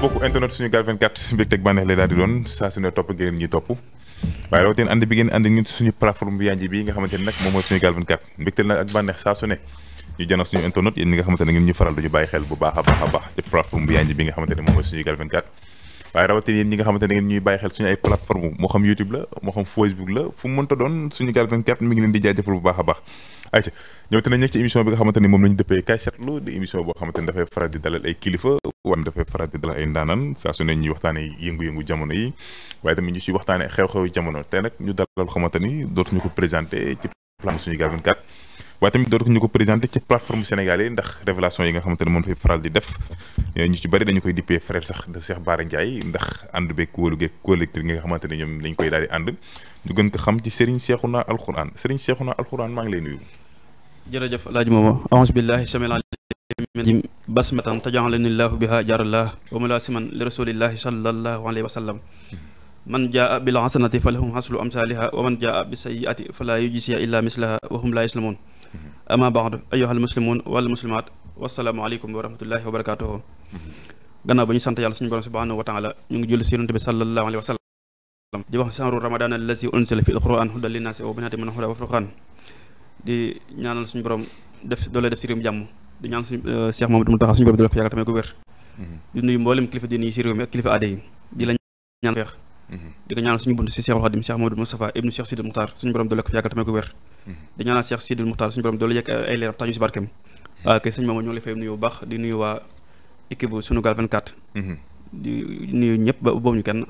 mbokku internet suñu gaal 24 mbégteeg bànneex lay daal di doon saa su topp ngeen ñi topp waaye rawatina ànd bi ngeen ànd suñu plateforme bi yanji bi nga xamante nag moom mooy suñu gaal 24 mbégteel nag ak ñi nga xamante a baax a baax ci plateforme bi ngeen ñuy bàyyi xel suñu ay plateforme moo xam YouTube la moo xam Facebook la fu mënta doon suñu gaal 24 mi leen di jaajëfal bu baax a baax ayca ñëw te nañ nekk ci émission bi nga xamante moom lañu dëppee kaay seetlu di émission boo xamante ni dafay faral di dalal ay kilifa wan dafay jamono yi waaye tamit ñu ci waxtaane xew-xew jamono te nag ñu xamante ni dootuñu ko présenté ci plan suñu gal 24 waaye tamit dootu ñu ko présenté ci plateforme sénégalais yi ndax révélation yi nga xamante ne moom dafay faral di def eh, ñu ci bëri dañu koy dippee frère sax de Cheikh Bara Ndiaye ndax ànd beeg kóolu geeg collectif nga xamante ne ñoom dañ koy daal di ànd ñu gën ko xam ci Serigne Cheikhouna Alxuraan Serigne Cheikhouna Alxuraan maa ngi lay nuyu. jërëjëf laaj mooma a'uuzu billahi samil alim basmatan tajaalani llahu biha jaarallah wa mulasiman li rasulillahi sallallahu alayhi wa sallam man jaa bil hasanati falahu haslu amsaliha wa man jaa bi sayyiati fala yujziya illa mislaha wa hum la yaslamun ama baad ayyuhal muslimun wal muslimat wassalaamu aleykum wa rahmatullahi wa barakatuhu gannaaw ba ñu sant yàlla suñu borom wa taala ñu ngi julli si bi sallallahu alayhi wa sallam di wax sanru ramadan allazi unzila fi alquran hudan di ñaanal suñu borom def doole def si réew mi jàmm di ñaanal suñu euh, Cheikh Mamadou Mountakha suñu borom doole ko yàggal tamit ko wér mhm. di nuyu mboolem kilifa si réew mi ak kilifa aada yi mhm. ko ñaanal suñu tamit ko wér mhm. di ñaanal Cheikh Sidil Muxtaar suñu borom doole yegg euh, ay leeram tax ñu si barkeem waaw kay sëñ Mamadou ñu ngi lay fay nuyu bu baax di nuyu waa équipe Sunugal 24 di nuyu ñëpp ba kenn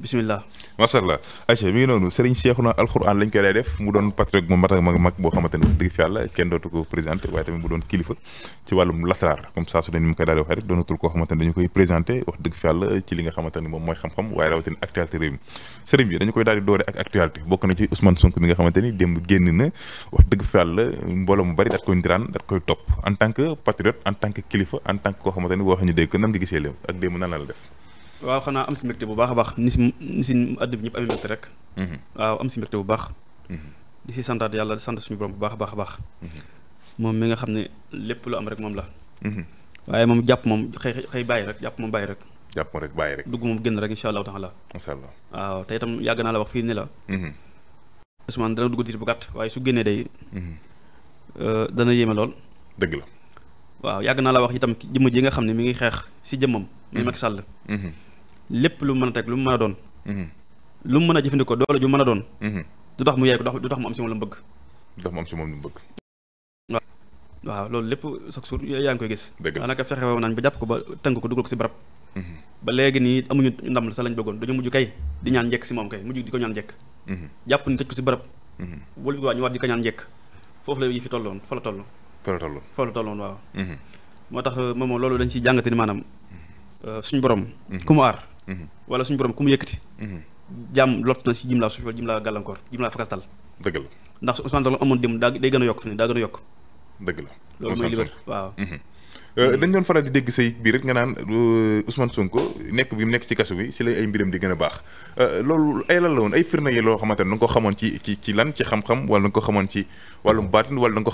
bisimilah. macha allah Aïcha mi ngi noonu Serigne Cheikhouna alxuraan lañ koy lay def mu doon patriote mu mat a mag mag boo xamante wax dëgg fi yàlla kenn dootu ko présenté dañu koy présenté wax dëgg fi génn na wax dëgg fi mbooloo mu bari daat koy ndiraan daat koy topp en tant que patriote en tant que kilifa en tant que koo xamante ni boo xam ne dégg ko nan nga gisee léew ak démb nan la def waaw xanaa am si mbégte bu baax a baax ni si ni si àdd bi ñëpp amee mbégte rek. Mm-hmm. waaw am si mbégte bu baax. Mm-hmm. di si santaat yàlla di sant suñu borom bu baax a baax a baax. Mm-hmm. moom mi nga xam ne lépp lu am rek moom la. waaye moom jàpp moom xëy xëy bàyyi rek jàpp moom bàyyi rek. jàpp moom rek bàyyi rek. dugg moom génn rek incha allahu taala. macha allah waaw te itam yàgg naa la wax fii ni la. Ousmane dana dugg diir bu gàtt waaye su génnee day. Euh, dana yéeme lool. dëgg la. waaw yàgg naa la wax itam jëmm ji nga xam ne mi ngi xeex si jëmmam. muy Macky Sall. lépp lu mu mën a teg lu mu mën a doon. Mhm. lu mu mën a jëfandikoo doole ju mën a doon. Mhm. du tax mu yaay ko du tax mu am si moom la mu bëgg. du tax mu am si moom la mu bëgg. waaw waaw loolu lépp chaque jour yaa ngi koy gis. dëgg la fexe woon nañ ba jàpp ko ba tënk ko dugal ko si mhm. ba léegi nii amuñu ndam sa lañ bëggoon dañu mujj kay di ñaan njekk si moom kay mujj di ko ñaan njekk. jàpp ni tëj si barab. wala bi waa ñu waat di ko njekk foofu la yi fi tolloon fa la tolloon. fa la tolloon fa moo tax euh, moom loolu dañ siy jàngate ni maanaam euh, suñu borom. ku mu aar wala suñu borom ku mu yëkkati jaam mhm. lott na si jim laa suufal jim laa gàllankoor jim laa fakastal ndax su Ousmane Sonko amoon démb daa day gën a yokk fi ne daa gën a yokk dëgg la loolu mooy liberté waaw mhm. Euh, dañ doon faral di dégg say biir rek nga naan euh, Ousmane Sonko nekk bi mu nekk ci kaso bi si la ay mbiram di gën a baax euh, loolu ay lan la woon ay firnde yi loo xamante ne da nga ko xamoon ci ci ci lan ci xam-xam wala da nga ko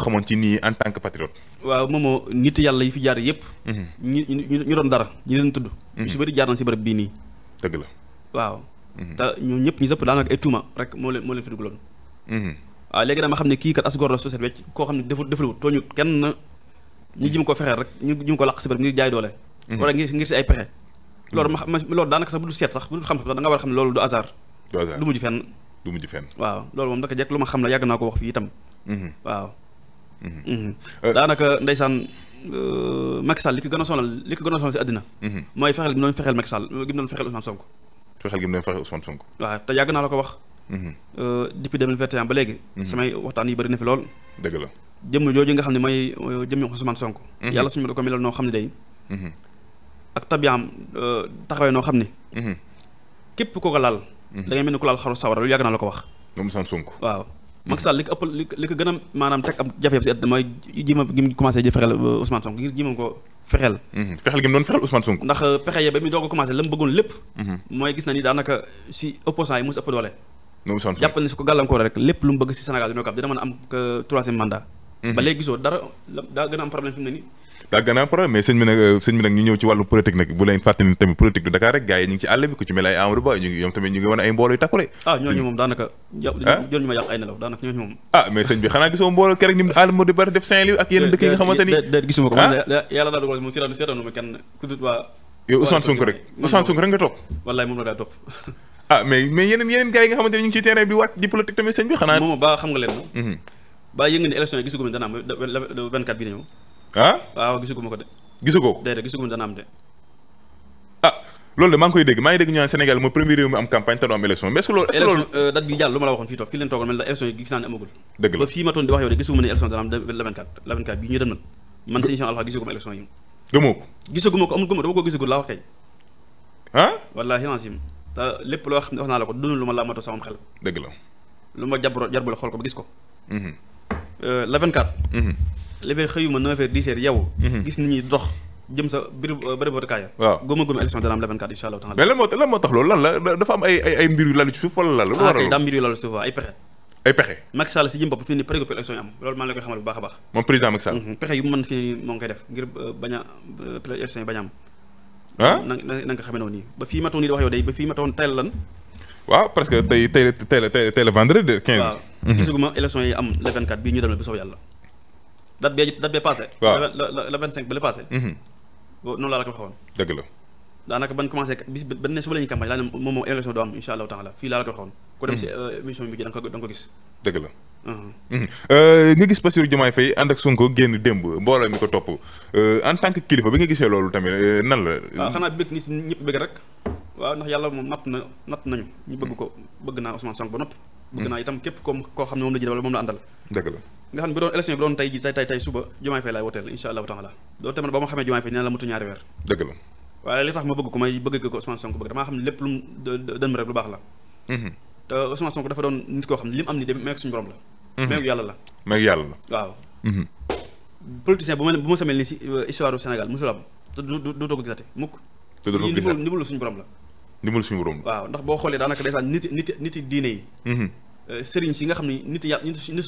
xamoon ci nii en tant que patriote. waaw moomoo nit yàlla yi fi jaar yëpp. ñu ñu ñu doon dara ñu leen tudd. Mhm. ñu si bëri jaar na si bërëb bii nii. dëgg la waaw. Mhm. te ñu sëpp daanaka ay tuuma moo leen moo leen fi mhm. waaw léegi dama xam ne ñu jëm ko fexeel rek ñu jëm ko làq si bërëb ngir jaay doole mhm. wala ngir ngir si ay pexe loolu ma mhm. ma loolu daanaka sax bu dul seet sax bu dul xam-xam sax da nga war a xam ne loolu du hasard waaw loolu moom naka jekk lu ma xam la yàgg naa ko wax fii itam mhm. waaw euh, daanaka ndeysaan euh, Macky Sall li ko gën a sonal li ko gën a sonal si àddina mooy fexeel gi mu doon fexeel Macky Sall gi mu doon fexeel Ousmane Sonko fexeel gi te yàgg naa la ko wax euh, depuis 2021 ba léegi samay waxtaan yi bari na fi lool dëgg la jëmm jooju nga xam ne mooy jëmmi Ousmane Sonko mhm. yàlla suñu ma da ko melal noo xam ne day mhm. ak tabiam euh, taxawee noo xam ne mhm. képp ko da ngay mel ni ko laal xaru la ko wax moom Ousmane Sonko waaw Macky li ko ëpp li gën a maanaam teg am jafe si at mooy jima gi mu commencé ji fexeel euh, ko fexeel fexeel gi mu doon ndax euh, pexe ya ba mu doog a lépp mooy gis na ni daanaka si opposant yi mu si ëpp doole su ko gàllankoor rek lépp lu mu bëgg si Sénégal dina ko am dina mën a am troisième mandat Mm-hmm. ba léegi gisoo dara daa gën a am problème mais euh, sëñ bi nag ñu ñëw ci wàllu politique nag bu leen fàttali ni tamit politique du rek gars yi ci àll bi ku ci mel ay Amadou Ba ah, ah? ah, def Saint-Louis ak yeneen dëkk yi nga xamante ni ci terrain bi wàcc di politique tamit sëñ bi xanaa moom ba xam nga leen ba yëngu ne élection yi gisagu ma dana am le 24 bi ñëw. ah ko de. gisagoo ko déedéet gisagu ah, maa ngi koy dégg maa ngi dégg euh, la waxoon gis naa ne ko. gisaguma ko amul ko gisagul laa wax lépp loo xam ne wax naa la ko dund lu ma la matoo sama xel. dëgg la lu ma jàpp jarbul ko gis ko mhm. la 24. léegi xëyuma 9h 10h yow. Mhm. gis nit ñi dox jëm sa biir euh, bëri ba kaaya. waaw góoma góoma élection dana am la 24 incha allah. mais lan moo lan moo tax loolu lan la dafa am ay ay mbir yu lalu ci suuf wala lan la. lu ah, waral daa mbir yu lalu ci suuf ay pexe. ay pexe Macky Sall si jëm bopp fi ni prégo élection yi am loolu maa la koy xamal bu baax a baax. moom président Macky Sall. Mhm, pexe yu mu mën fi ni moo ngi koy def ngir euh, bañ a euh, élection yi bañ a am. ah na na nga xamee noonu nii ba fii ma toog nii di wax yow day ba fii ma toog tey lan. waaw parce que tey tey tey la tey la vendredi 15. Mhm. gisuguma élection yi am le 24 ñu demee bu soob yàlla date bee date bee passé la la 25 ba le passé mhm. noonu laa la ko waxoon dëgg la daanaka ban commencé bis ban ne suba la ñuy campagne laa ne moom moom élection doo am insha allahu taala fii laa la ko waxoon ku dem mhm. si euh, émission bi da nga ko da nga ko gis dëgg la nga euh, gis Bassirou Diomaye Faye ànd ak Sonko génn démb mbooloo mi ko topp euh, en tant kilifa bi nga gisee loolu tamit nan la waaw ah, xanaa bëgg ni si ñëpp bëgg na ko bëgg naa Ousmane Sonko bëgg naa hmm. itam képp comme koo xam ne moom la jël wala moom la àndal dëgg la nga xam ne bu doon élection bi doon tey ji tey suba jumaay fay laay woteel insha allahu taala ba ma xamee jumaay fay nee na la mutu ñaari weer tax ma xam ne lépp lu mu dën lu baax la hmm. te doon nit koo xam ne li am ni de meek suñu borom la hmm. meek yàlla la meek yàlla la waaw politicien bu ma bu ma samel euh, histoire Sénégal mosul am te du doo ko gisate mukk li ndimbalu suñu borom la ndimbal suñu borom waaw ndax boo xoolee daanaka ndeysaan nit nit nit nit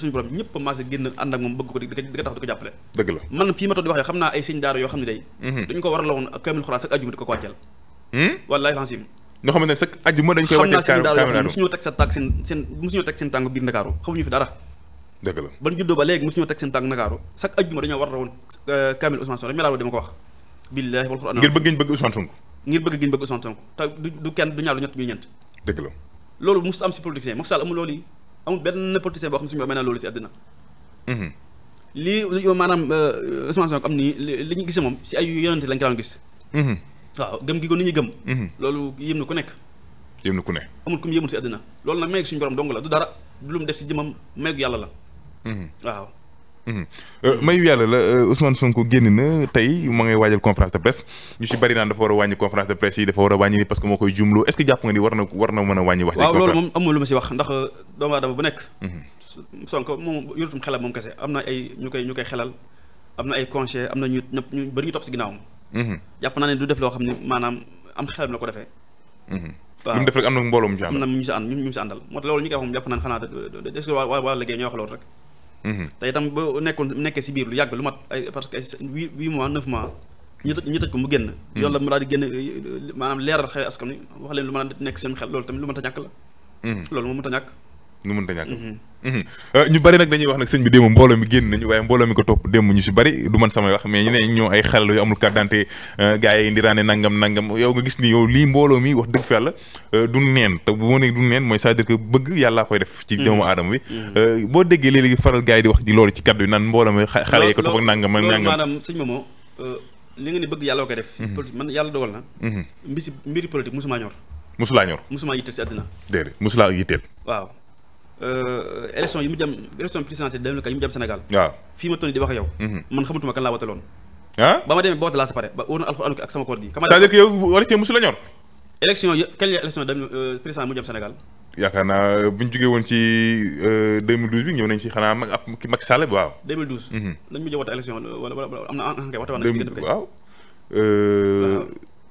suñu borom ñëpp a maase génn ànd ak moom bëgg ko di di ko jàppale dëgg la man fii mm-hmm. hmm? teg seen seen Ndakaaru xamuñu fi dañoo war la woon euh, kamil Ousmane Sonko ngir bëgg giñ bëgg Ousmane Sonko te du kenn du ñaar du ñett ñuy ñeent dëgg la loolu mos am si politicien Macky Sall amul loolu yi amul benn politicien boo xam suñu may naa loolu si àddina mhm. lii euh, euh, ay yonente lañ ko daan gis mhm. waaw gëm gi ko nit ñi gëm mhm. loolu yëm na ku nekk yëm na ku ne amul ku mu yëmul si àddina loolu nag meeg suñu borom dong la du dara du lu def si jëmam meegu yàlla la waaw mayu yàlla la Ousmane Sonko génn na tey ma ngay waajal conférence de presse ñu si bari naan dafa war a wàññi conférence de presse yi dafa war a wàññi parce que moo koy jumloo est que jàpp nga ni a lu def loo xam ne maanaam am xelam la ko defee lu mu def rek am na mbooloo mu ñu si ànd ñu si àndal moo tax loolu ñu koy wax moom jàpp naa xanaa est que waa waa liggéey ñoo wax loolu rek te tam boo nekkoon nekkee si biir lu yàgg lu mat ay parce que huit huit mois neuf mois ñu tëj ñu ko mu génn yoon hmm. la mu daal di génn maanaam leeral xel askan wi wax leen lu mën nekk seen xel loolu tamit lu mënta ñàkk la hmm. loolu moom mënta ñàkk nu mënta ñàkk. Mhm. Mhm. Euh, ñu bari nag dañuy wax nag sëñ bi démb mbooloo mi génn nañu waaye mbooloo mi ko topp démb ñu si bari du man samay wax mais ñu ne ñoo ay xale yu amul carte euh, gis ni yow lii mbooloo mi wax dëgg fa yàlla euh, mooy c'est-à-dire que bëgg yàllaa koy def. ci mhm. doomu aadama bi. boo déggee léegi faral gars yi wax di loolu ci kaddu yi naan mbooloo mi xale yi ko topp ak nangam ak nangam maanaam sëñ Momo li nga ni bëgg yàlla koy def. politique man yàlla dogal na. mbisi mbiri politique musuma ñor. musulaa ñor. musuma yitteel si àddina. déedéet musulaa yitteel. waaw élection yi mu jëm élection présidentielle deux mille quatre yi mu jëm Sénégal. waaw fii ma toll di wax yow. man xamatuma kan laa wataloon. ah ba ma demee ba wote laa sa pare ba wóor na alxuraan ak sama koor gi. c'est-à-dire que mu jëm Sénégal. yaakaar naa bu ñu jógee woon ci 2012 bi ñëw nañ ci xanaa mag ab Macky Sall bi waaw. 2012. lañ mujjee na en tout cas waxtaan waaw.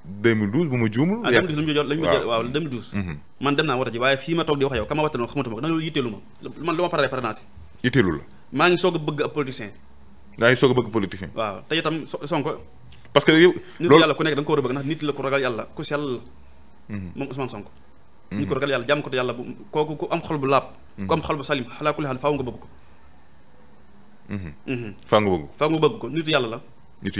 2012 bu ma juumul. ah 2012 lañ ma mhm. man dem naa wata ji waaye fii ma toog di wax yow kama wata noonu xamatuma ko maa ngi soog a bëgg ab politicien. maa ngi soog a bëgg politicien. waaw te itam que yow. loolu nit yàlla ku nekk da nga a bëgg ndax la ko ragal yàlla ku sell la. Mhm. moom Ousmane Sonko. Mhm. nit ko ragal yàlla jàmm ko te yàlla bu kooku ku am xol bu laab. ku am ko. faaw nga bëgg ko faaw nga la. nitu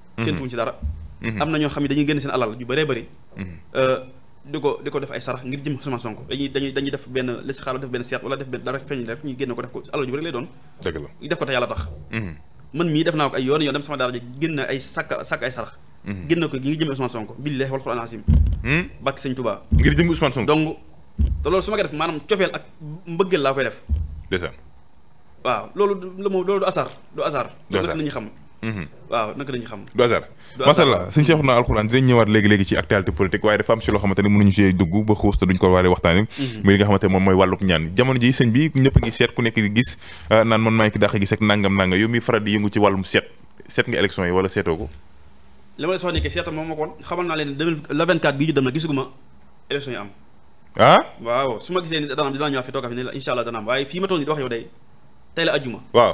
Mm-hmm. séentuwuñ ci dara mm-hmm. am na ñoo xam ne dañuy génn seen alal yu bëree bëri mm-hmm. euh, di ko di ko def ay sarax ngir jëm Ousmane Sonko dañuy dañuy dañuy def benn listixaar def benn seet wala def benn dara feeñ rek ñu génn ko def ko alal ju bëri lay doon dëgg la ñu def ko te yàlla tax man mii def naa ko ay yoon yoon dem sama daara ji génn ay sàkk sàkk ay sarax génn ko ngir jëm Ousmane Sonko billahi wal Qur'an azim hmm? bàkk sëñ Touba ngir jëm Ousmane Sonko donc te loolu su ma koy def maanaam cofeel ak mbëggeel laa koy def waaw loolu lu moom loolu du asar du asar loolu nag la ñu xam Mhm. waaw naka dañu xam du hasard masalla suñu seexu naa alxuraan dinañ ñëwaat léegi-léegi ci actualité politique waaye dafa am ci mhm. a ah, la soxla ni xamal naa leen 2024 bii ñu dem na gisuguma élection yi am ah waaw su ma gisee ni dana am dinaa ñëwaat fi tooga fi ne la incha allah dana am waaye fii ma toog ni di wax yow day tey la ajjuma waaw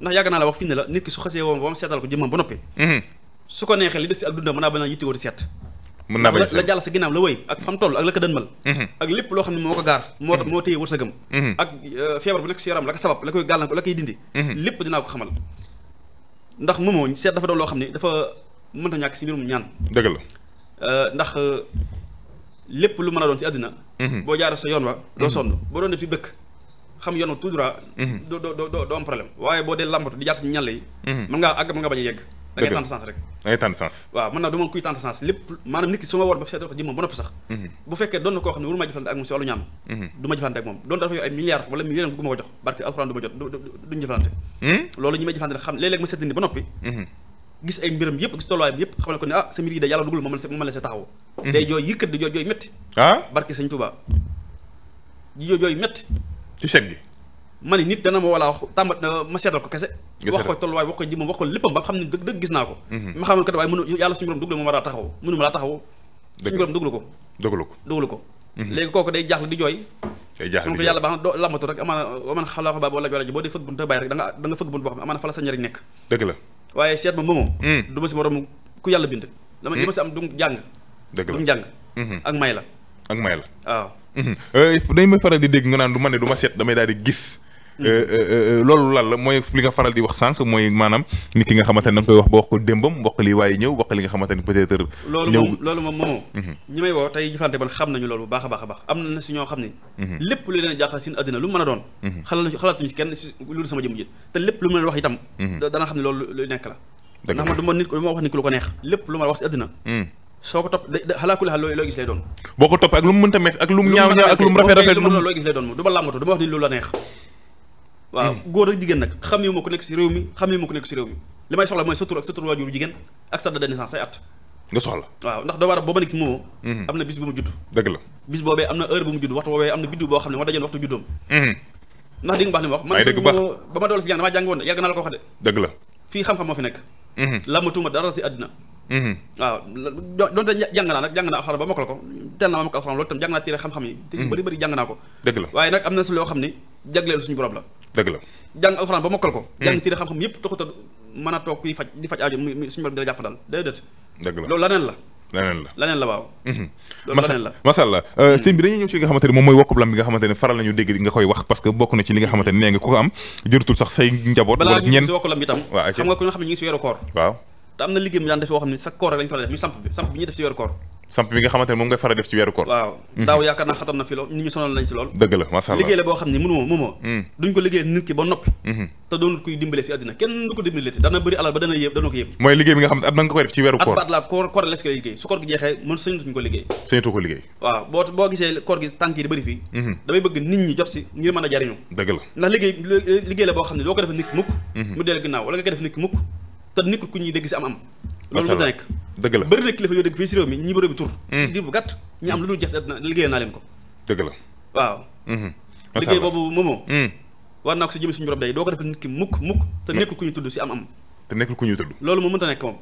ndax yàgg naa la wax fii ne la nit ki su xasee woon ba mu seetal ko jëmmam ba noppi mhm. su ko neexee li des si ak dundam mën naa bañ a yittewoo seet mën naa bañ a seet la jàll sa ginnaaw la wëy ak fam toll ak ko mhm. ak lépp loo xam ne moo ko moo mhm. moo téye wërsëgam ak euh, feebar bu nekk yaram la ko sabab la koy gàllankoor la koy dindi lépp dinaa ko xamal ndax moomoo seet dafa doon loo xam ne dafa mënta ñàkk si mbirum ñaan dëgg la euh, ndax euh, lépp lu mën a doon si àddina boo jaaree sa yoon wa doo sonn boo doon def ci dëkk xam yoonu tout droit. Mhm. doo doo doo doo am problème waaye boo dee lambatu di jaar si ñàll yi. Mhm. mën ngaa àgg mën nga bañ a yegg. da ngay tànt sens rek da ngay tànt sens waaw mën naa du ma kuy tànt sens lépp maanaam nit ki su ma woon ba seetal ko jëmmam ba noppi sax mhm. bu fekkee doon na koo xam ne waruma jëflante ak moom si wàllu ñaan du ma jëflante ak moom doon dafa yor ay milliards wala million bu ma ko jox barke alxuraan du ma jot duñu jëflante hmm? loolu ñi may jëflante xam léeg-léeg ma seet ni ba noppi gis ay mbiram yëpp gis tolluwaayam yëpp xamal ko ne ah sa mbir yi de yàlla dugal moom la moom la see taxaw day jooy yëkkat di jooy jooy métti ah barke sëñ Tuubaa di jooy jooy métti ci seet gi ma ne nit dana ma wala wax ma seetal ko kese wax ko tolluwaay wax ko jëmam wax ko léppam ba xam ne dëgg dëgg gis naa ko mhm. ma xamoon ko waaye mënu yàlla ko duglu ko ko mhm. léegi day jaaxle di jooy day jaaxle di jooy yàlla baax na doo lambatu rek xalaa xa la joola ji boo dee fëgg buntu bàyyi rek da nga da nga fëgg buntu boo xam ne amaana fa la sa njëriñ nekk dëgg la waaye seet ma moomoo mm. du ma si morom ku yàlla bind la ma si am du jàng du jàng mhm. ak may la ak may la. waaw. Ah. Mhm. Euh, dañ ma faral di dégg nga naan du ma ne du ma seet damay daal di gis. Mm. Euh, euh, loolu lan la mooy li nga faral di wax sànq mooy maanaam nit ki nga xamante ne da nga wax boo ko démbam wax lii waaye ñëw wax li nga xamante ne peut-être. loolu moom mhm. woo tey jëfante xam nañu loolu bu baax baax a baax xam ne. Mhm. lépp lu leen a jaaxal seen a doon. xalaatuñu xalaatuñu si kenn si loolu sama wax itam. dana xam ne loolu lu la. dëgg la ndax man du ma nit ko neex lépp lu ma wax si àddina soo ko topp xalaakul xal looy gis lay doon boo ko topp ak lu mu mënta metti looy gis lay doon du ma lu hmm. xam yu ma ko nekk si réew mi xam yu ma ko nekk si réew mi li may soxla mooy sa tur ak waaw ndax doo war a boo ma nekk hmm. la bis boobee am na heure mu judd waxtu boobee boo xam ne moo dajoon waxtu juddoom hmm. ndax di nga baax li ma wax man ba ma dool si jàng damaa jàng woon yàgg naa la ko wax de dëgg la fii xam-xam moo fi nekk làmbatuma dara si àddina Mm-hmm. waaw doonte jàng naa nag jàng naa alxuraan ba mokkal ko teel naa mokkal alxuraan loolu tam jàng naa téere xam-xam yi te ñu mm-hmm. bëri bëri jàng naa ko dëgg la waaye nag am na si loo xam ne jagleel suñu borom la jàng alxuraan ba mokkal ko mm-hmm. jàng téere xam-xam a mën a toog kuy am jërutul sax xam nga ku nga xam ne ñu ngi si weeru koor waaw te dana bëri alal ba dana yëpp dana ko yëpp mooy liggéey bi nga xam ne at na nga koy def ci weeru koor su koor gi jeexee mën sëñatuñ ko liggéey sëñatu ko liggéey waaw boo boo gisee koor gi tànk bëri fii mhm. damay bëgg nit ñi jot si ngir mën a jariñu dëgg la ndax liggéey liggéey la boo xam ne doo ko def nit ki mukk mhm. mu dellu ginnaaw wala nga ko def nit ki mukk te nekkul ku ñuy dégg si am am loolu mënta nekk dëgg la bëri na kilifa yoo dégg fii si réew mi ñi bëri bi tur hmm. si diir bu gàtt ñu am lu ñu jeex na liggéey naa leen ko dëgg la waaw hmm. liggéey boobu moomoo hmm. war naa ko si jëmi suñu borom day doo ko def mukk mukk te nekkul ku ñuy si am am te ku ñuy tudd loolu moom mënta nekk moom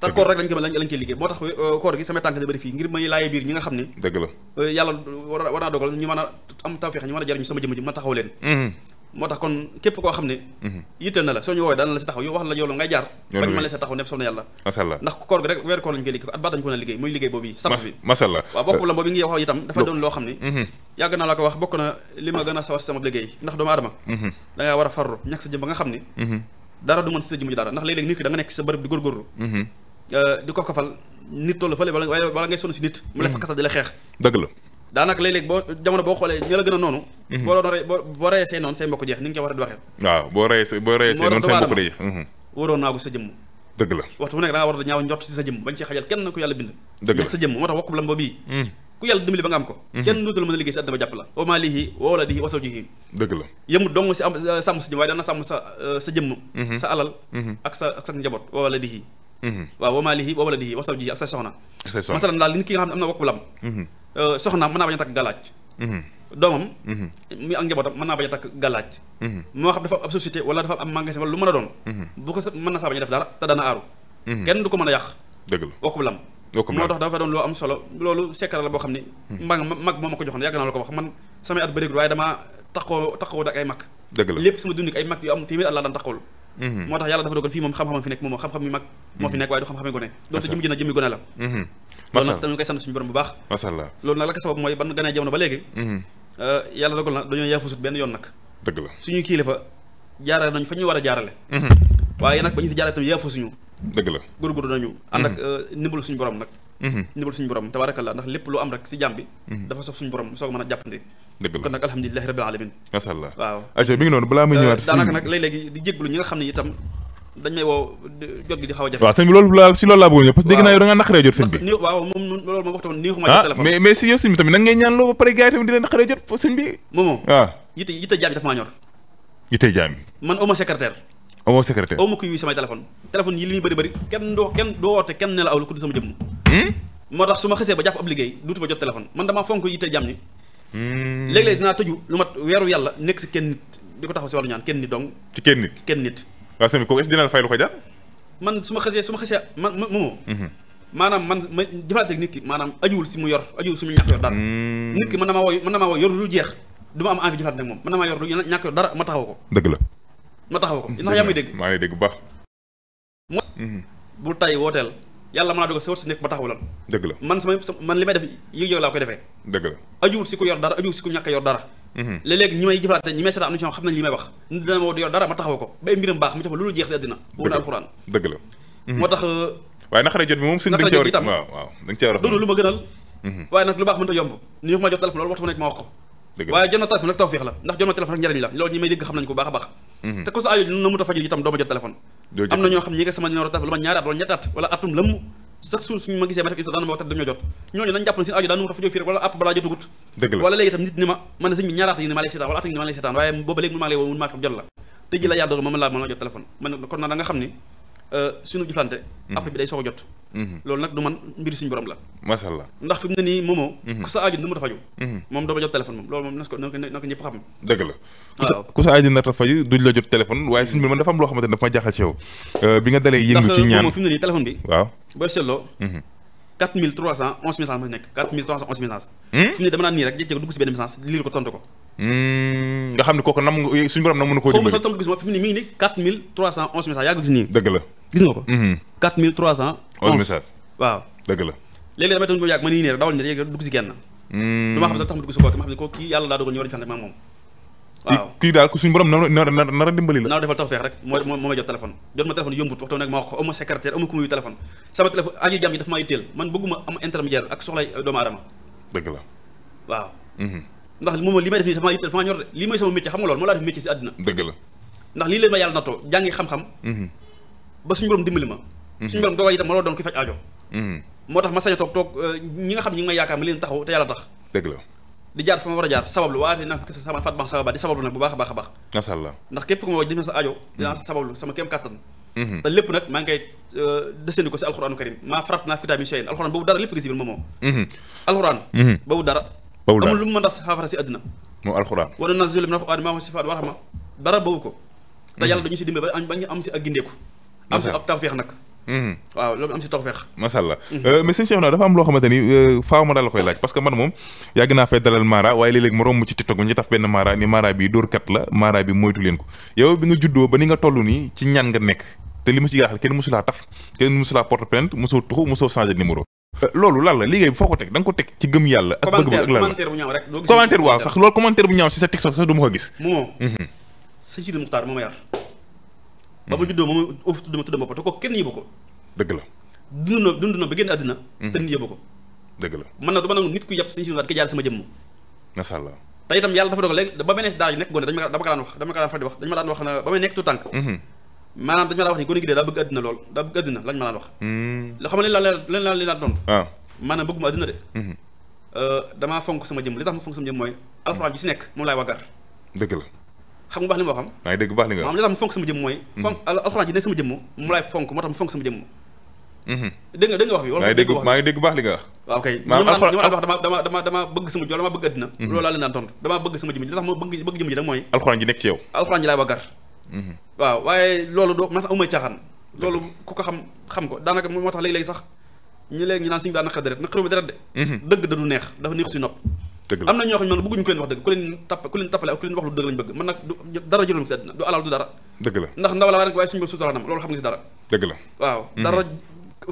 te koor rek lañ ko lañ koy liggéey moo tax euh, koor gi sama tànk da bëri fii ngir may laayee biir ñi nga xam ne dëgg la euh, yàlla war naa dogal ñu mën a am tawfeex ñu mën a jariñu sama jëmm ji ma taxaw leen moo tax kon képp koo xam ne mhm. yitteel na la soo ñu woowee daan la si taxaw yow wax la yow ngay jaar bañ mën la sa taxaw ndax koor gi rek weer koor lañu koy liggéey a liggéey muy liggéey boobu yi sab bi masalla waaw bopp la boobu ngi wax itam dafa doon loo xam ne mhm. yàgg naa la ko wax bokk na li ma gën a sawar si sama liggéey ndax doomu aadama mhm. da war a farlu ñàkk sa jëm ba nga xam ne dara du mën si sa jëm ji dara ndax léeg-léeg nit ki da daanaka léeg-léeg boo jamono boo xoolee ñu la gën a noonu. Mhm. boo doon rey boo boo reyee say noonu say mbokk jeex ni nga ko war a waxee. waaw boo reyee say boo reyee mbokk jeex. Mhm. waroon sa jëmm. dëgg la waxtu nga war a ñaaw njort sa jëmm bañ si la sa jëmm moo tax wokkub mhm. la. wa maa lihi wa waladihi la yëmu dong si euh, sa sa euh, sa sa sa ak sa njaboot wa waladihi. waaw wa maa lihi wa waladihi sa soxna. ak sa soxna masalan daal li ki nga xam ne am na wokkub lam Euh, soxnaam mën naa bañ a takk galaaj mhm. doomam muy mhm. ak njabootam mën naa bañ a takk galaaj mhm. moo xam dafa ab société wala dafa am magasin lu mën doon bu ko mën na saa a def dara te dana aaru kenn a yàq dëgg moo tax dafa doon loo solo loolu sekkara la boo xam ma ko joxoon yàgg naa ko wax man samay at bëreegul waaye damaa taxoo taxoo ak ay mag dëgg la lépp sama dund ay mag yu am téeméer at laa daan taxawul moo tax yàlla dafa dogal fii moom xam-xam fi nekk moom xam-xam moo fi nekk waaye du xam-xam gone doon te jëmi jëna jëmi gone la loolu nag dañu koy bu la ko sabab mooy ban ganee jamono ba léegi mhm. euh, yàlla dogal na dañoo yaafusut benn yoon nag dëgg la suñu kilifa jaarale nañ fa ñu war a jaarale mhm. waaye nag ba ñu fi jaarale tamit yaafusuñu dëgg la góorgóorlu nañu ànd ak mhm. euh, ndimbal suñu borom nag ndimbal suñu borom tabaarakallaa ndax lépp lu am rek si jàmm bi dafa sox suñu borom soog mën a jàppandi dëgg la kon nag alhamdulilahi rabbil alamin masha Allah waaw aja mi ngi noonu balaa muy euh, ñëwaat daanaka ñi nga xam dañ may woo jot gi di xaw a jafe. waaw sëñ bi loolu laa si loolu laa bëgg naa naqaree jot sëñ bi waaw moom loolu moom waxtaan ah, ah. man aw ma secrétaire aw ma secrétaire aw ma kuy wuy samay téléphone téléphone yi li muy bëri bëri kenn hmm? ma xësee ba jàpp ab liggéey duutuma jot téléphone man damaa fonk yite jaam hmm. ñi léeg-léeg dinaa tëju lu mat weeru yàlla nekk si kenn nit di ko taxaw si wàllu ñaan kenn nit dong ci kenn nit kenn nit waaw sëñ bi kooku est-ce dina fay lu ko jar. man su ma xasee su ma xesee man moomoo. Mhm. maanaam man ma jëfandikoo nit ki maanaam ajuwul si mu yor ajuwul si mu ñàkk yor dara. Mm. nit na maa woo mën na maa yor lu jeex du ma am envie jëfandikoo ak moom mën na maa yor lu ñàkk dara ma taxaw ko. dëgg la ma taxaw ko ndax yaa may dégg. maa ngi dégg bu baax. mooy. Mhm. bul tay wooteel yàlla mën naa dogal sa si nekk ma taxaw lan. dëgg la man sama man li may def yi yow laa koy defee. dëgg la ajuwul si ku yor dara ajuwul si ko ñàkk yor dara Mhm. léeg-léeg ñi may jëflante ñi may seetaan am na ci xam nañ li may wax nit dana ma yor dara ma taxaw ko ba ay mbiram baax mu jox ma loolu jeex si àddina boobu na alxuraan dëgg mhm. euh, mhm. ta yomb ni na la ndax jot na téléphone rek njariñ la loolu a itam doo jot téléphone am na ñoo xam ne ñi nga sama numéro la lu ma ñaari at wala ñetti at wala atum chaque jour suñu ma gisee ma def IMSA daan ma wax jot ñooñu nañ jàpp ne seen aajo daan nu mu fa jóg fii rek wala àpp balaa jotugut dëgg léegi itam nit ni ma man na sëñ bi ñaaraata yi ne seetaan waaye booba léegi mën maa lay woo mën maa fi jot la tey ji la yàlla dogal ma laa mën laa jot téléphone man kon naa da xam ni euh, suñu jëflante mm-hmm. après bi day soog a jot Mhm. loolu nag du man mbiri suñu borom la masha Allah ndax fi ne nii moomoo mhm. ku sa aajo nu mu tafaju moom doo ma jot téléphone moom loolu moom na ko na ne dafa ma jaaxal ci euh, bi nga dalee yëngu ci ñaan mhm. hmm? dugg si benn message liir ko tontu ko hmm, nga xam ne kooku nam suñu borom nam mën na koo dimbali xaw ma sax tontu ma fi ne mi ngi ni quatre trois cent onze yaa gis nii dëgg la gis nga ko. 4300. Mhm. 11 message waaw. dëgg la léeg-léeg damay toog ñu yàgg ma nii hmm. ne dawal ñu ne ma xam ne tax a sant ak moom. waaw kii a dimbali la. nar a waaw. Mhm. ndax moom li may def nii dafa maa yitteel dafa ñor de lii mooy sama métier xam nga loolu laa def métier si àddina. dëgg la ndax lii leen ma yàlla nattoo jàngi xam-xam mhm. ba suñu borom dimbali ma mhm. suñu borom dogal itam ma loo doon mhm. moo tax a euh, la di jaar fa ma war a jaar sabablu waate naa kese sama fat baax sababa di sabablu nag bu baax a a mhm. euh, ko si alxuraanu karim maa farat naa fitamin shay'in alxuraan boobu dara lépp gis bi moom moom alxuraan boobu dara amul lu a wa rahma dara boobu ko te yàlla dañu si dimbali ba ñu am si ak gindeeku am si ab tawfeex nag. Mm-hmm. waaw loolu am si tawfeex. macha na dafa am loo xamante ni euh, faaw ma daal la koy laaj parce que man moom yàgg naa fee dalal Mara waaye léeg-léeg mu romb ci TikTok ñu taf benn Mara ni Mara bi dóorkat la Mara bi moytu leen ko yow bi nga juddoo ba ni nga toll nii ci ñaan nga nekk te li ma si jaaxal kenn mosulaa taf kenn mosulaa porte plainte mosoo tuxu mosoo changé numéro. Euh, loolu lan la liggéey bi foo ko teg da ko teg ci gëm yàlla. ak bëgg ba ba juddoo moom uuf tudd ma tudd ma ko te ko kenn yëbu ko dëgg la dund na dund na ba génn àddina mm-hmm. te nit yëbu ko dëgg la man nag du ma nangu nit ku yàpp sañ sin waat ka jàll sama jëmm masha Allah dama wax dama ko wax dañ ma daan wax na ba may nekk tu tànk mm-hmm. maanaam dañ ma daan wax ni gone gi dee daa ma daan wax mm. loo xam ne fonk sama jëmm li tax ma fonk sama jëmm mooy alxuraan ji si nekk moom laay waggar dëgg la xam nga baax li ma xam maa ngi dégg baax li nga maanaam tax mu fonk sama jëmm mooy mhm. fonk alxuraan ji ne sama jëmm moo tax mu ma daan wax dama dama dama dama bëgg sama jëmm dama bëgg àddina mhm. loolu laa leen daan tontu ma bëgg bëgg jëmm ji nag mooy alxuraan ji nekk ci yow alxuraan ji laay wagar mhm. waaw waaye loolu doo man amuma caaxaan loolu ku ko xam xam ko daanaka moo tax léegi-léegi sax ñi léegi ñu naan suñu daa naqar deret naqaru deret de dëgg da du neex dafa neex suñu nopp dëgg am na ñoo xam ne man bëgguñu ku leen wax dëgg ku leen tapp ku leen tappale ak ku leen wax lu dëgg lañ bëgg man nag dara jëloon si àddina du alal du dara dëgg la ndax ndaw la waaye suñu bët sutura loolu xam nga si dara dëgg la waaw mhm. dara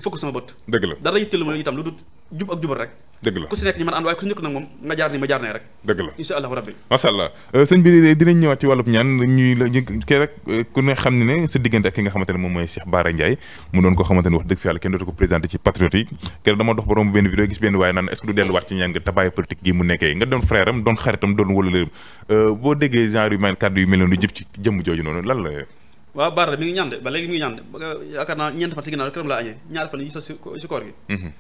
fokk sama bët dëgg la dara yitteelu ma itam lu dul jub ak jubal rek dëgg la ku si nekk ñu mën a ànd waaye ku si nekk nag moom nga jaar ni ma jaar nee rek dëgg la insha allahu rabbi yi mu ngi ñaan de ba léegi ngi ñaan de yaakaar naa ñeent fan si ginnaaw rek këram laa añee ñaar fan yi si koor gi mm-hmm.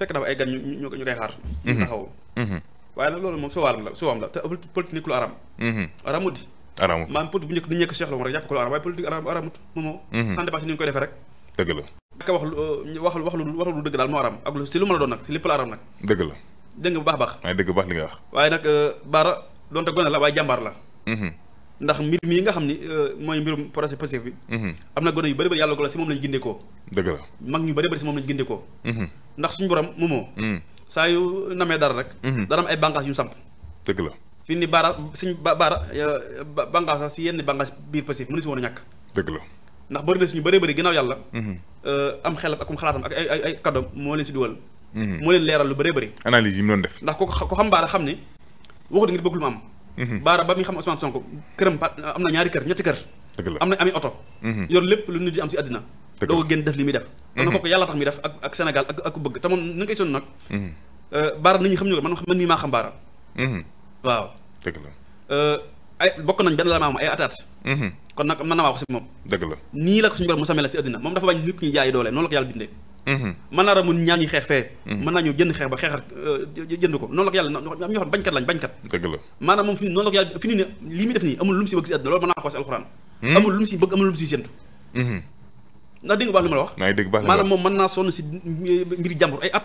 fekk dafa ay gan ñu ñu koy xaar. ñu mhm. taxaw. Mhm. waaye nag loolu moom soo waaram la soo am la te politique nekkul aram. Mhm. aramu di. aramu maanaam politique bu njëkk dañu ñëkk Cheikh Lom rek jàpp ko lu aram waaye politique aram aramut moomoo. sans débat si ni ñu koy defee rek. dëgg la. wax euh, wax wax lu wax lu dëgg daal moo aram ak lu si lu mën a doon nag si lépp la aram nag. dëgg la dégg bu baax baax. waaye dëgg baax li nga waaye nag euh, Baara donte gone la waaye jàmbaar la. ndax mbir mii nga xam ni euh, mooy mbirum projet Pastef bi mhm. am na gon yu bëri bëri yàlla ko la si moom lañ gindee koo dëgg la mag ñu bëri bëri si moom lañ gindee koo mhm. ndax suñu borom moomoo mhm. saa yu la fi ni baara suñ baara euh, bànqaas si yenn bànqaas si woon a ñàkk dëgg la ndax bëri na suñu bëree bëri ginnaaw yàlla euh, am xelam ak um xalaatam ak ay ay kaddoom moo leen si dugal moo leen leeral lu bëree bëri analyse yi mu doon def ndax ko ko xam baara xam ne waxut ngir bëgg lu mu am Mhm. baara ba muy xam Ousmane Sonko këram am na ñaari kër ñetti kër am na ami oto mhm. yor lépp lu nit di am si àddina doo ko génn def li muy def kon nag man na maa wax si moom dëgg la nii la ko suñu borom mu samela si àddina moom dafa bañ nit ñi jaay doole noonu la ko yàlla bindee Mm-hmm. mën naa ramun ñaar ñi xeex fee mm-hmm. mën naa ñëw jënd xeex ba xeex ak euh, jënd ko noonu la yàlla am ñoo xam bañkat lañ bañkat dëgg la maanaam moom fi nii noonu la yàlla fi nii ne lii muy def nii amul lu si bëgg si àdduna loolu mën naa ko si alxuraan mm-hmm. amul lu si bëgg amul lu mu si séntu ndax dégg baax li ma la maanaam moom mën naa sonn si mbiri jàmbur ay at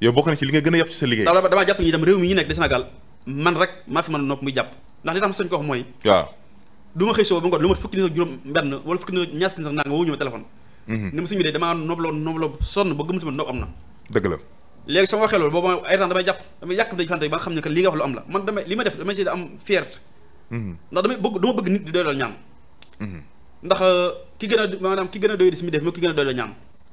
yow bokk na ci li nga gën a yàpp ci sa liggéey daal damaa jàpp ni itam réew mi ñu nekk di Sénégal man rek maa fi mën a nopp muy jàpp ndax li tax ma xëy soo mhm. na dëgg la léegi soo ma waxee loolu boobu ay xam ne que li nga wax lu am la man damay li ma def damay si am fierté mhm. ndax damay bëgg du bëgg nit di doy lool ñaan mhm. ndax euh, ki gën a maanaam ki a ki gën a doy lool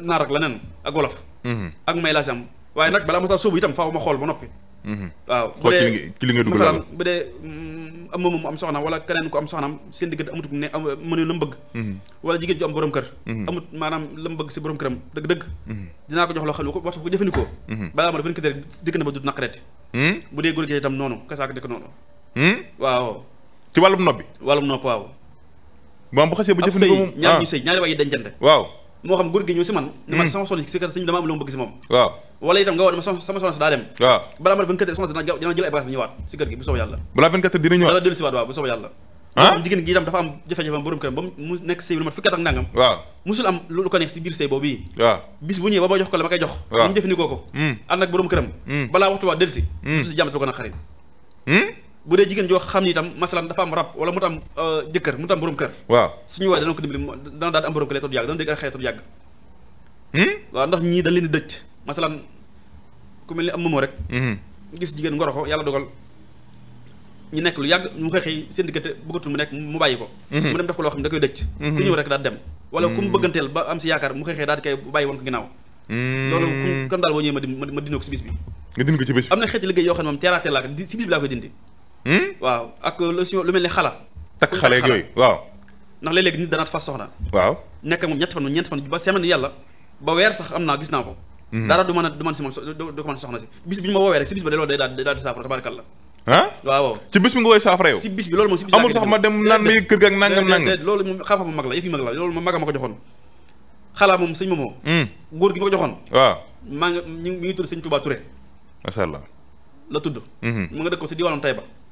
naar ak leneen ak wolof. Mhm. ak may laa si am waaye nag balaa masaa sóobu itam faaw ma xool ba noppi. Mhm. waaw bu dee li nga dugg masalan bu dee mm, am moom mu am soxna wala keneen ku am soxnaam seen diggante amutug ne mënu la mu mhm. wala jigéen ju am borom kër amut maanaam la bëgg si borom këram dëgg-dëgg dinaa ko jox loo xam ko waxtu ko jëfandikoo balaa def benn critère na ba dut naqareeti hmm? bu dee góor gi noonu kasaak dëkk noonu hmm? waaw ci wàllum nopp bi wàllum nopp waaw bu am bu xasee ba jëfandikoo ñaar ah. ñu sëy ñaari waay yi dañ jënd waaw moo xam góor gi ñëw si man dama mm. sama soxna si kër sëñ dama am lu ma bëgg si moom waaw wala itam nga woo dama sama soxna si daa dem balaa ma 24 kër gi bu si biir sëy boobu bis bu ñëwee ba ma jox ko la ma koy jox mu jëfandikoo ko mm. ànd ak borom këram mm. balaa waxtu waa dellu si si jàmm ko xarit bu dee jigéen joo xam ni itam masalan dafa am rab wala mu tam euh, jëkkër mu tam borom kër waaw suñu waay dana ko dimbali dana daal di am borom kër leetatu hmm? waaw ndax di hmm. ko ñu nekk lu yàgg ñu xëy xëy seen diggante bëggatul mu nekk mu hmm. da koy dëcc ku ñëw rek daal dem wala ku mu bëgganteel ba am si yaakaar mu xëy xëy daal di koy bàyyi woon ko ginnaaw loolu ku kan daal boo ñëwee ma ma dindi ko si bis bi nga dindi ko ci bis bi am na xeeti liggéey yoo xam ne moom teeraatee laa ko si bis bi laa koy dindi Hmm? waaw ak lu mel ne xala. takk xale yooyu waaw. ndax léeg-léeg nit danaat fas soxna. waaw nekk moom ñett fan ñeent fan ba semaine yàlla ba weer sax am naa gis naa ko. Hmm. dara du mën a du mën si moom du ko mën soxna si bis bi ñu ma woowee rek si bis ba loolu day daal day daal di moom si bis amul sax ma dem naan ga ak nangam nangam loolu moom xam-xam bu la la loolu moom hmm. ngi mi ngi tudd sëñ Touba Touré macha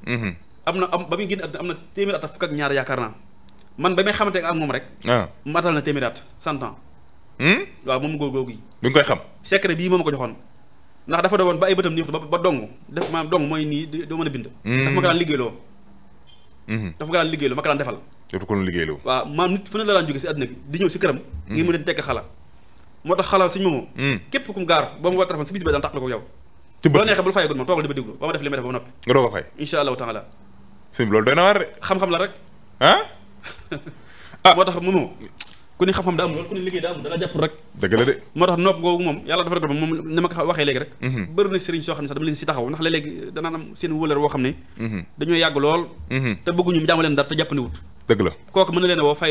Mhm. am na am ba muy génn àdduna am na téeméer at ak fukk ak ñaar yaakaar naa man ba may xamante ak moom rek. waaw ah. matal na téeméer at cent ans. Hmm? waaw moom góor googu koy xam. secret bii moom ma ko joxoon ndax dafa doon ba ay bëtam nii ba dong def maanaam dong mooy nii doo mën a bind. Hmm. dafa ma ko daan liggéeyloo. Hmm. dafa ma ko daan liggéeyloo ma ko defal. dafa ko doon liggéeyloo. waaw maam nit fu ne la daan jóge si àdduna bi di ñëw si këram. ngir mu leen tekk xala moo tax xala suñu moomoo. képp kum gaar boo ma woo a si bis bi daan ci bët loo neexee bul fayagul moom toogal di ba déglu ba ma def li may def noppi. nga doog a fay incha allahu taala. sëñ bi loolu na waar xam-xam la rek. ah. ah moo tax mënu. ku ne xam-xam daa am loolu ku ne liggéey daa am dala jàpp rek dëgg la de moo tax nopp googu moom yàlla dafa dogal ko waxee léegi rek mhm. bëri na sëriñ soo xam ne sax dama leen si taxaw ndax mhm. mhm.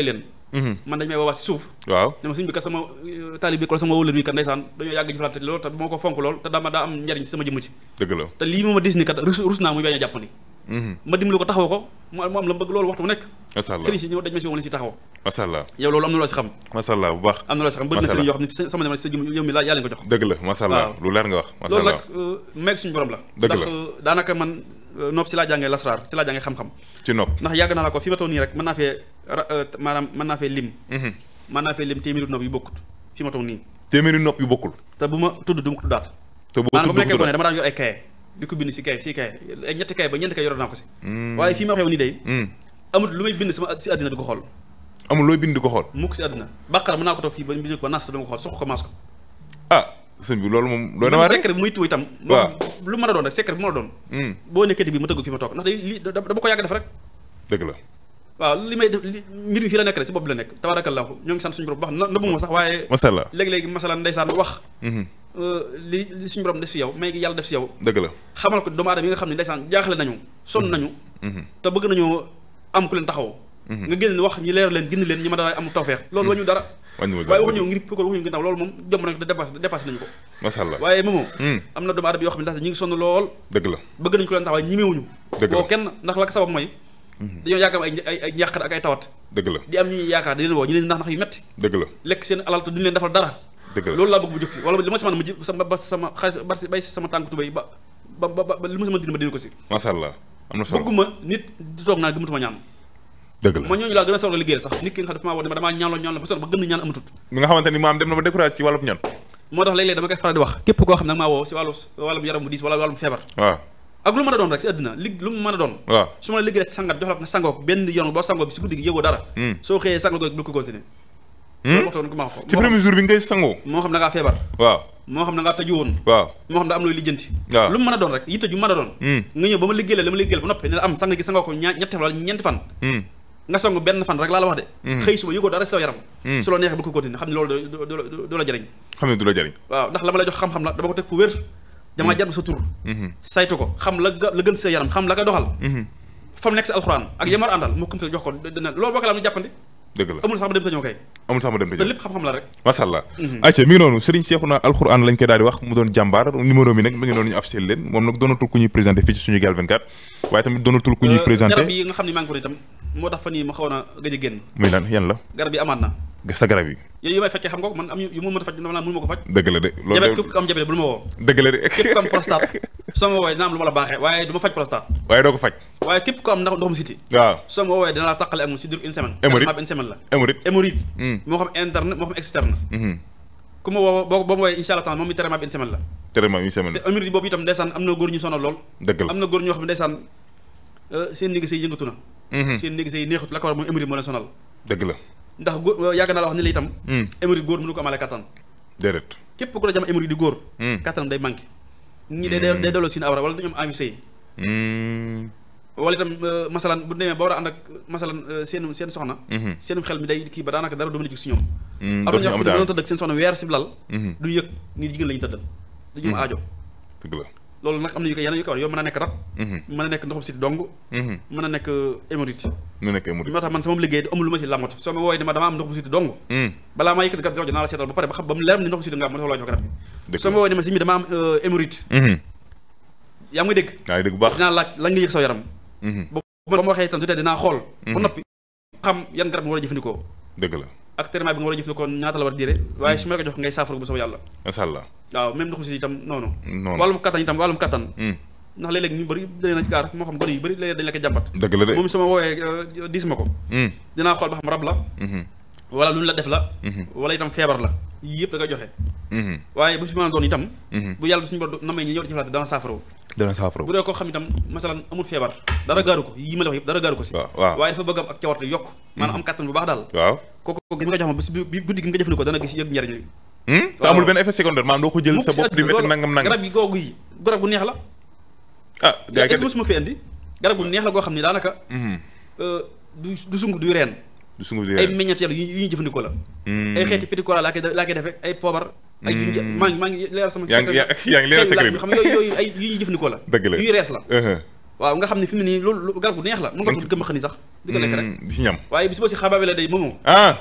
leen dara si suuf waaw ne ma suñ bi kat sama euh, taalib bi sama wëlër bi kat ndeysaan dañoo yàgg jëflante lool te moo ko fonk lool te dama daa am njariñ sama jëmm ci dëgg la te lii moom a dis ni kat rus naa muy bañ jàppandi Mhm. ma dimbali ko taxaw ko mu am la bëgg loolu waxtu bu nekk macha allah sëriñ si ñëw daj ma si woon loolu am na loo si xam macha bu baax am na loo si xam bëri na sëriñ yoo xam ne sama dem sa si laa jàngee lasraar si laa jàngee xam-xam ci nopp ndax yàgg naa la ko fi ma toog nii rek mën naa fee euh, maanaam mën naa fee lim mhm. mën naa nopp yu bokkut fi ma toog nii téeméeri nopp yu bokkul te bu ma tudd du ma ko tuddaat te bu ma tudd dama daan yor ay kaye di ko bind si kay si kay eh, ñetti kay ba ñeenti kay yoroon ko si hmm. waaye fii ma xew nii day hmm. amul lu may bind si àddina di ko xool amul ba bind ko ba nas dama ko xool sox ko maas ko ah sëñ bi loolu moom doy na waar secret bi itam lu mën a doon rek secret bi mën a doon hmm. boo nekkati bi ma tëgg fi ma toog ndax day li ko yàgg def rek dëgg la waaw li may def mbir mi fii la nekk rek si bopp bi la nekk tabarakallahu ñoo ngi sant suñu borom bu baax na bu ma sax waaye masala léegi-léegi masala ndeysaan wax li li suñu borom def si yow may gi yàlla def si yow. dëgg la xamal ko doomu aadama yi nga xam ne ndeysaan jaaxle nañu sonn mm-hmm. nañu. Mm-hmm. te bëgg nañoo am ku leen taxaw. Mm-hmm. nga génn wax ñi leer leen gindi leen ñi ma dara am tawfeex. loolu wañu dara. wañu dara waaye ngir pour waxuñu ngir taw loolu moom jomb nañu ko dépassé dépassé nañu ko. macha waaye moomoo. Mm. am na doomu aadama yoo xam ne ndax ñu ngi sonn lool. dëgg la bëgg nañu ku leen taxaw waaye ñimewuñu. boo kenn ndax la ko sabab Mhm. dañoo yaakaar ay ay ay njàqar ak ay tawat dëgg la di am ñuy yaakaar di leen woo ñu leen nax nax yu metti dëgg la lekk seen alal te duñu leen defal dara dëgg la loolu ma sama dina ma dina ko laa gën a soxla liggéeyal sax nit ki nga xam dafa maa woo damaa ñaan la ñaan la ba soxla ba ñaan amatut nga xamante ni maam dem na ba découragé ci wàllub ñaan moo tax léeg-léeg dama koy faral di wax képp koo xam ne maa woo si wàllu wàllum yaram bu diis wala wàllum ak lu mën a doon rek si àddina li lu mu mën a doon waaw su ma la liggéeyee sangat jox la ko nga sangoo ko benn yoon boo sangoo bi si guddi gi yëgoo dara hmm. soo xëyee sang la ko bul ko continuer hmm? loolu waxtoon ko maa ko ci premier jour bi ngay sangoo moo xam da ngaa feebar waaw moo xam da ngaa tëju woon waaw moo xam da am looy lijjanti waaw lu mu mën a doon rek yitte ju mën a doon hmm. nga ñëw ba ma liggéeyee la ma liggéeyal ba noppi ne la am sang gi sangoo ko ña ñetti fan wala ñeenti fan nga song benn fan rek laa la wax de xëy suba yëgoo dara si saw yaram su la neexee bul ko continuer xam ne loolu du la jariñ xam ne du la jariñ waaw ndax la ma la jox xam-xam la dama ko teg fu wér dama mm-hmm. jàpp sa tur mm-hmm. saytu ko xam la gën sa yaram xam la koy doxal mm-hmm. fa mu alxuraan ak yamar àndal moo compté jox ko loolu boo ko la am ñu jàppandi dëgg la amul sax ma dem ta kay amul sax ma dem ta ñëw lépp xam-xam la rek masha allah ayca mi ngi noonu Serigne Cheikhouna alxuraan lañ koy daal di wax mu doon jàmbaar numéro bi nag mi ngi noonu ñu affiché leen moom nag doonatul ku ñuy présenté fii ci suñu gaal 24 waaye tamit doonatul moo tax fa yii ma xawoon a gëj génn. muy lan yan la. garab yi amaat na. sa garab yi. yooyu yi may fekkee xam ko man am yu mun mën a faj dama naan ma ko faj. dëgg la de loolu jabet képp ku am jabet bul ma woo. dëgg la de képp waaye du ma faj prostate. waaye doo ko faj. waaye képp ku am ndox ndoxum siti. waaw soo hmm. hmm. ku ma woo boo boo ma woowee incha allah moom am na góor ñu sonal lool. dëgg la am na góor ñoo xam ne ndeysaan euh, seen yëngatu na Mhm. seen néegi say neexut la ko war mooy émérite moo leen sonal dëgg la ndax góor euh, yàgg naa la wax ni la itam mhm. émérite góor mënu ko amale kattan déedéet képp ku la jam émérite di góor mhm. kattanam day manqué ñi day day delloo seen awra wala dañu am amicé wala itam euh, masalan bu demee ba a ànd masalan euh, seen seen soxna seenum xel mi day kii ba daanaka dara du mën a jóg si ñoom am na ñoo xam ne mënoon seen soxna weer si lal duñu yëg ni jigéen la ñu tëddal dañu am aajo loolu nag am na yu ko yenn yu ko war yow mën a nekk rab mhm. mën a nekk ndoxum siti dong mhm. mën a nekk émorite mën a nekk émorite ma si lamatu soo ma wooyee mhm. la seetal ba pare ba xam ba mu leer ni ma dafa la bi soo ma wooyee ma si mi dama am euh, émorite yaa ngi dégg yaa ngi dégg baax dinaa laaj lan nga yëg sa yaram bu ma waxee itam dinaa xool ba noppi xam yan garab nga war a jëfandikoo dëgg la ak traitement bi nga war a jëfandikoo ñaata la war a diire waaye su ma la jox ngay saafara bu sama yàlla incha waaw même ndoxum si itam noonu wàllum kattan itam wàllum kattan hmm. ndax léeg-léeg ñu bëri dalee na jàmbat moom sama woowee euh, dis ma ko hmm. dinaa xool ba xam rab la hmm. wala lu ñu la def la. Mhm. wala itam feebar la yii yëpp da koy joxe. Mhm. waaye bu si mën a doon itam. Mhm. bu yàlla suñu borom namay ñi yow ci xalaat dana saafaro. dana ko yii ma la wax yëpp dara gaaru ko si. waaw waaye dafa bëgg am ak cawarte yokk. maanaam am kattan bu baax daal. waaw kooku gi nga jox ma bés bi guddi gi nga jëfandikoo dana gis yëg njariñ li. Hmm? te amul benn effet secondaire sa bopp di metti nangam garab gu neex la. ah goo xam ne daanaka. Euh, du sunguf du reen du sunguf ay meññeent yàlla yu ñuy jëfandikoo la. Hmm. ay xeeti petit cola laa koy laa ay poobar. ay hmm. jinja maa ngi maa ngi leeral sama. yaa ngi yaa ngi leeral secret bi xam nga yu ñuy jëfandikoo la. dëgg la yu rees la. Uh-huh. waaw nga xam ne fi mu ne nii loolu garab gu neex la. mën nga ko gëm a xëni sax. di ko lekk hmm, rek di ci ñam. waaye bis boo si xabaabee la day moomoo. Ah!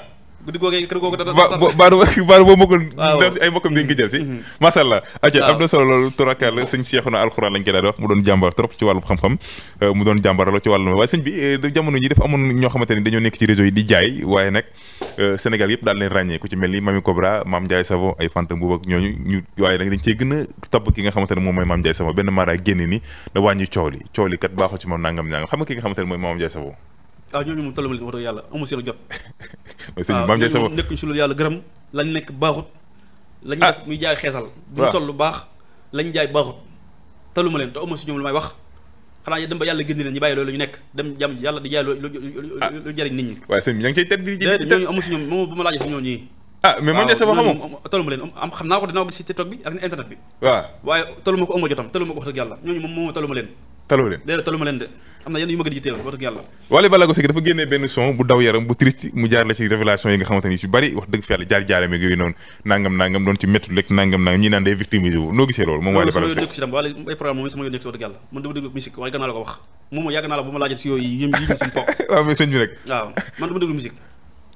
guddi googu kër googu dara baanu baanu boo mokkal def si ay mokkam ngeen si mm-hmm. macha am na solo loolu turakal sëñ Cheikhouna alxuraan lañ koy daal di wax mu doon xam-xam euh, mu doon jàmbar la ci wàllu waaye sëñ bi euh, jamono ji dafa amoon ñoo xamante dañoo nekk ci réseau yi di jaay waaye nag euh, Sénégal yëpp daal leen ràññee ku ci mel ni Mami Cobra Mame Ndiaye Savon ay Fanta Mboup ak ñooñu ñu waaye dañ cee gën a tabb ki nga xamante moom mooy Mame Ndiaye Savon benn maara génn ni da wàññi coow li coow li kat baaxul ci moom nangam nangam xam nga waaw ah, ñooñu moom tollu ma leen wax dëgg yàlla amu seen jot. mooy sëñ ah, bi maam Ndiaye sama nekkuñ si lu yàlla gërëm lañ nekk baaxut. lañ ah. def muy jaay xeesal. waaw duñ sol lu baax lañ jaay baaxut. tollu ma leen te amu si ñoom lu may wax xanaa dem ba yàlla génn leen ñu bàyyi loolu la ñu nekk dem jàmm yàlla di jaay lu lu jëriñ nit ñi. waaye sëñ bi yaa ngi cay tedd di. déedéet ñooñu amu si ñoom moom bu ma laajee si ñooñu ñii. ah mais man de sama xamoo tollu ma leen am xam naa ko dinaa ko gis si TikTok bi ak internet bi. waaw waaye tollu ma ko amoo jotam tollu ma ko wax dëgg yàlla ñooñu moom moom tollu ma leen taloo leen de am na yenn yu ma gën a jiiteel wax dëgg yàlla Wally Ballago Seck dafa génnee benn son bu daw yaram bu triste mu jaar la ci révélation yi nga xamante ay programme moom sama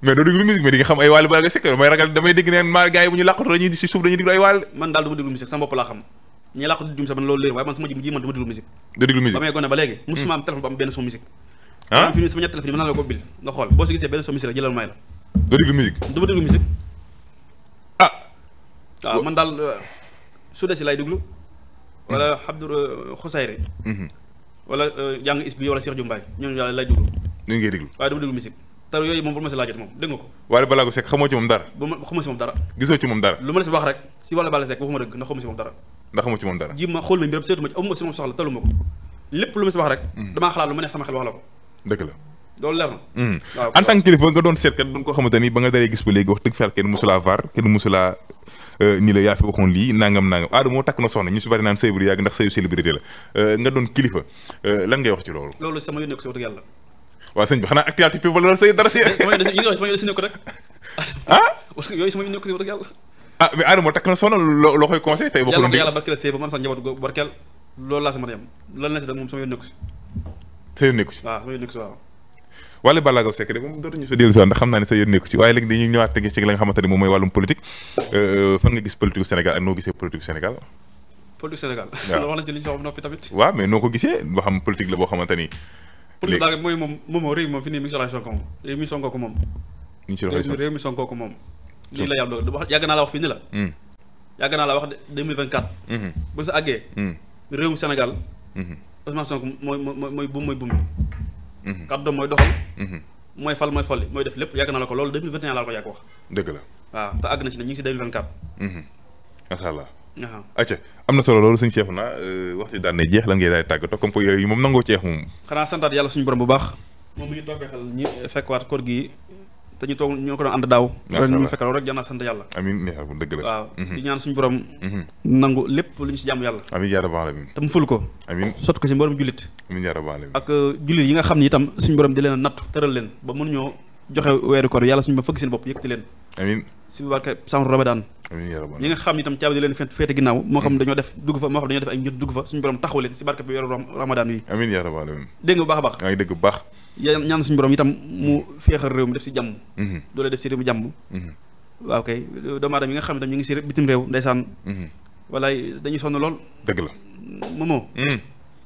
yoon nekk ragal damay dégg neen maa gars yi bu ñu làqatu dañuy si suuf dañuy déglu ay Wally man daal dama déglu musique sama bopp laa xam ñi laa man loolu léer man sama ji man dama déglu musique da déglu musique ba may gone ba léegi musuma hmm. am téléphone bu am benn son musique ah fi sama ñett téléphone yi naa la ko bil nga xool boo si gisee benn son musique rek jëlal may la da déglu musique dama déglu musique ah man daal euh, su dee si laay déglu wala hmm. Abdou Xusayri euh, hmm. wala euh, jàng is bi wala Cheikh Jumbaay ñooñu daal lay déglu ñu ngi déglu waaye dama déglu musique tar yooyu moom bu ma si laajot moom dégg nga ko Wally Ballago Seck xamoo ci moom dara xamoo si moom dara gisoo ci moom dara lu ma la si wax rek si Wally Ballago Seck waxuma dëgg ndax xamoo si moom dara ndax xamoo ci moom dara ji taluma ko lépp lu ma si wax rek hmm. damaa xalaat lu ma neex sama xel wax la ko dëgg la loolu leer na hmm. en tant kilifa nga doon seetkat doon ko xamante ni ba nga daree gis ba léegi wax dëgg fa kenn musulaa var kenn musulaa euh, nii la yaa waxoon lii nangam nangam aadama moo takk na soxna ñu si naan sëy bu euh, nga doon kilifa euh, lan ngay wax ci loolu sama yónnee ko si wax dëgg yàlla waaw sëñ bi xanaa actualité people la say dara si. sama yoon si nekk rek. ah. parce que yooyu sama yoon nekk si rek yàlla. ah mais Adama takk na sonal loo loolu a yem lan la si def moom sama yoon nekk si. sa yoon nekk si xam euh, euh, la noppi tamit. waaw mais noo ko gisee boo xam politique la boo xamante ni pour ñu daal mooy moom moomoo réew moom fi nii mi ngi soxla Sonko moom réew mi Sonko ko moom réew mi Sonko ko moom lii la yàlla dogal wax yàgg naa la wax fii ni la hmm. yàgg naa la wax deux mille vingt quatre hmm. bu sa àggee hmm. réewum Sénégal Ousmane Sonko mooy mooy buum mooy buum bi kàddoom mooy doxal mooy fal mooy folli mooy def lépp yàgg naa la ko loolu deux mille vingt et un laa la ko yàgg wax dëgg la waaw te àgg na si ne ñu ngi si deux mille vingt quatre macha acca am na solo loolu sëñ Cheikh euh, na waxtu daan ne jeex lan ngay daal di tàggatoo comme que yooyu moom nangoo ceex moom xanaa santaat yàlla suñu borom bu baax moom mi ñu toogee xel koor gi te ñu toog ñoo ko doon ànd daaw ren ñu fekk loolu rek jannaa waaw mhm. ñaan suñu borom mhm. nangu lépp lu si jàmm yàlla amiin yaa rabbal aalamiin te ful ko amiin ko si mborom jullit ak euh, jullit yi nga xam ne itam suñ borom di leen a nattu tëral leen ba mënuñoo joxe weeru koor yàlla suñu ba fëgg seen bopp yëkkati leen amiin si barke sàmm Ramadan amiin yaa rabbal ñi nga xam ne itam caabi di leen feete ginnaaw moo xam dañoo def dugg fa moo xam dañoo def ay njët dugg fa suñu borom taxaw leen si bi weeru Ramadan wi amiin yaa rabbal amiin dégg nga bu baax a baax yaa ngi itam mhm. mhm. yi nga xam ne itam ñu ngi si bitim réew mhm. dañuy sonn lool dëgg la moomoo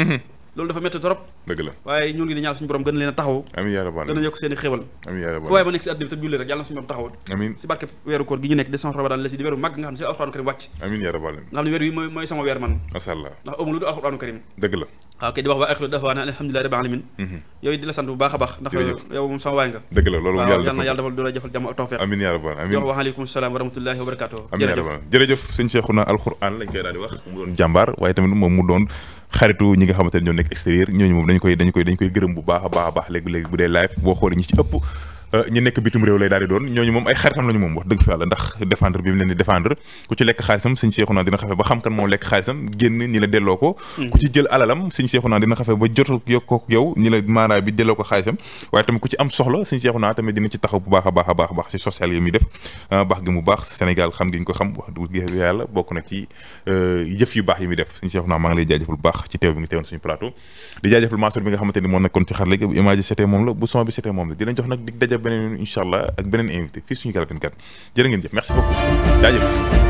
Mhm. loolu dafa métti trop dëgg la waaye ñun ngi di ñaan suñu gën a taxaw amiin gën a yokk seen i xéwal waaye ba nekk si àddina bi tam julli rek nga xam ne weer wi mooy sama weer man macha ndax amul lu dul alxuraanu karim dëgg la waaw kay di wax waa axiru dafa naan alhamdulilah rabbil alamin mhm. yow di la sant bu baax a ndax yow moom sama waay nga dëgg la loolu yàlla na defal du la jëfal jàmm ak tawfeex amiin yaa rabbal salaam wa wa barakatuh xaritu ñi nga xamante ne ñoo nekk extérieur ñooñu koy dañ koy dañ koy gërëm bu baax a baax a baax léegi léegi bu dee live boo xoolee Euh, ñi nekk bitim réew lay daal di doon ñooñu moom ay xaritam lañu moom wax dëgg fa yàlla ndax défendre bi mu leen di moom la bu baax a a baax baax moom la bu jox nag dig daje beneen yoon incha allah ak beneen invité fii suñu Kal 24 jërë ngeen jëf merci beaucoup jaajëf